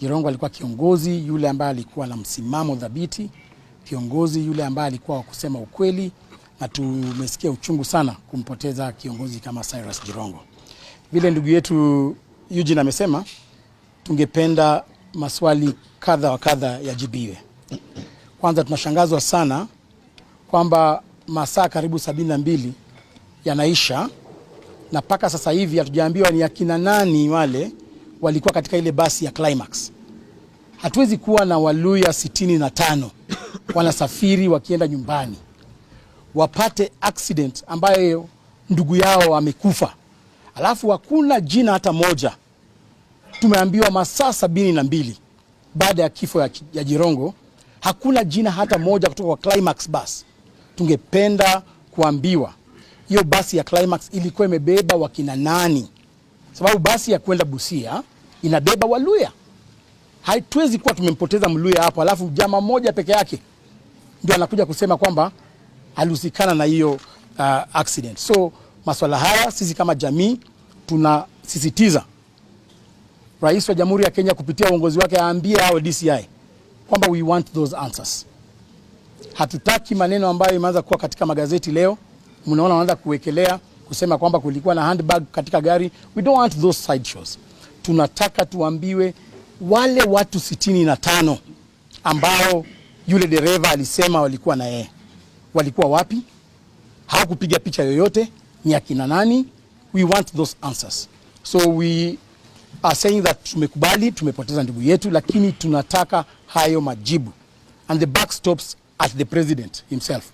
Jirongo alikuwa kiongozi yule ambaye alikuwa na msimamo dhabiti, kiongozi yule ambaye alikuwa wa kusema ukweli, na tumesikia uchungu sana kumpoteza kiongozi kama Cyrus Jirongo. Vile ndugu yetu Eugene amesema, tungependa maswali kadha wa kadha yajibiwe. Kwanza tunashangazwa sana kwamba masaa karibu sabini na mbili yanaisha na mpaka sasa hivi hatujaambiwa ni akina nani wale walikuwa katika ile basi ya Climax. Hatuwezi kuwa na Waluya sitini na tano wanasafiri wakienda nyumbani wapate accident ambayo ndugu yao amekufa, alafu hakuna jina hata moja. Tumeambiwa masaa sabini na mbili baada ya kifo ya, ya Jirongo hakuna jina hata moja kutoka kwa Climax bus. Tungependa kuambiwa hiyo basi ya Climax ilikuwa imebeba wakina nani? sababu basi ya kwenda Busia inabeba Waluya. haituwezi kuwa tumempoteza Mluya hapo, alafu jama moja peke yake ndio anakuja kusema kwamba alihusikana na hiyo uh, accident. So maswala haya sisi kama jamii tunasisitiza Rais wa Jamhuri ya Kenya kupitia uongozi wake aambie hao DCI kwamba we want those answers. Hatutaki maneno ambayo imeanza kuwa katika magazeti leo, mnaona wanaanza kuwekelea kusema kwamba kulikuwa na handbag katika gari. We don't want those side shows. Tunataka tuambiwe wale watu sitini na tano ambao yule dereva alisema walikuwa na yeye walikuwa wapi? Hawakupiga picha yoyote, ni akina nani? We want those answers. So we are saying that tumekubali tumepoteza ndugu yetu, lakini tunataka hayo majibu and the backstops at the president himself.